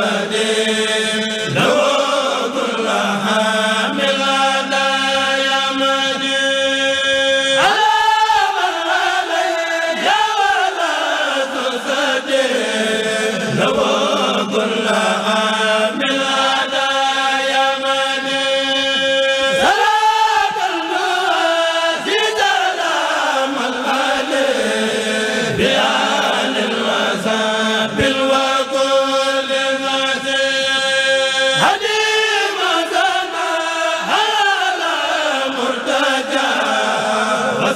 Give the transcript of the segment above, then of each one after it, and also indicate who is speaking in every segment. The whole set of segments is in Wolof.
Speaker 1: de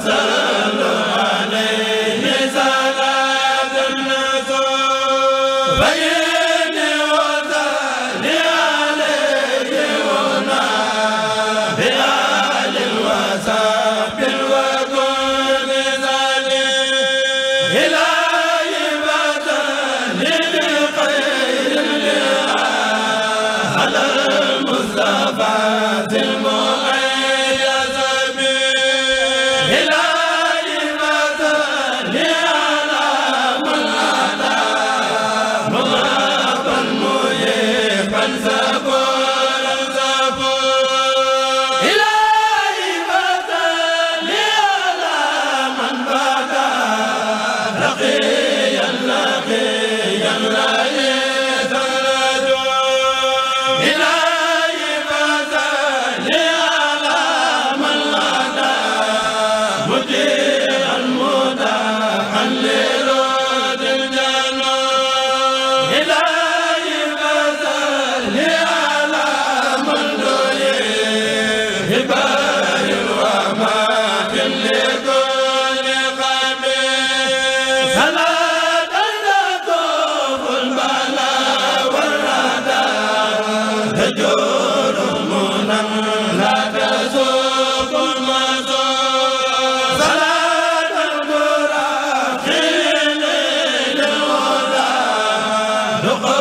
Speaker 1: وصلوا عليه صلاة النسوء do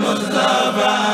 Speaker 1: Mustafa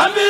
Speaker 1: xam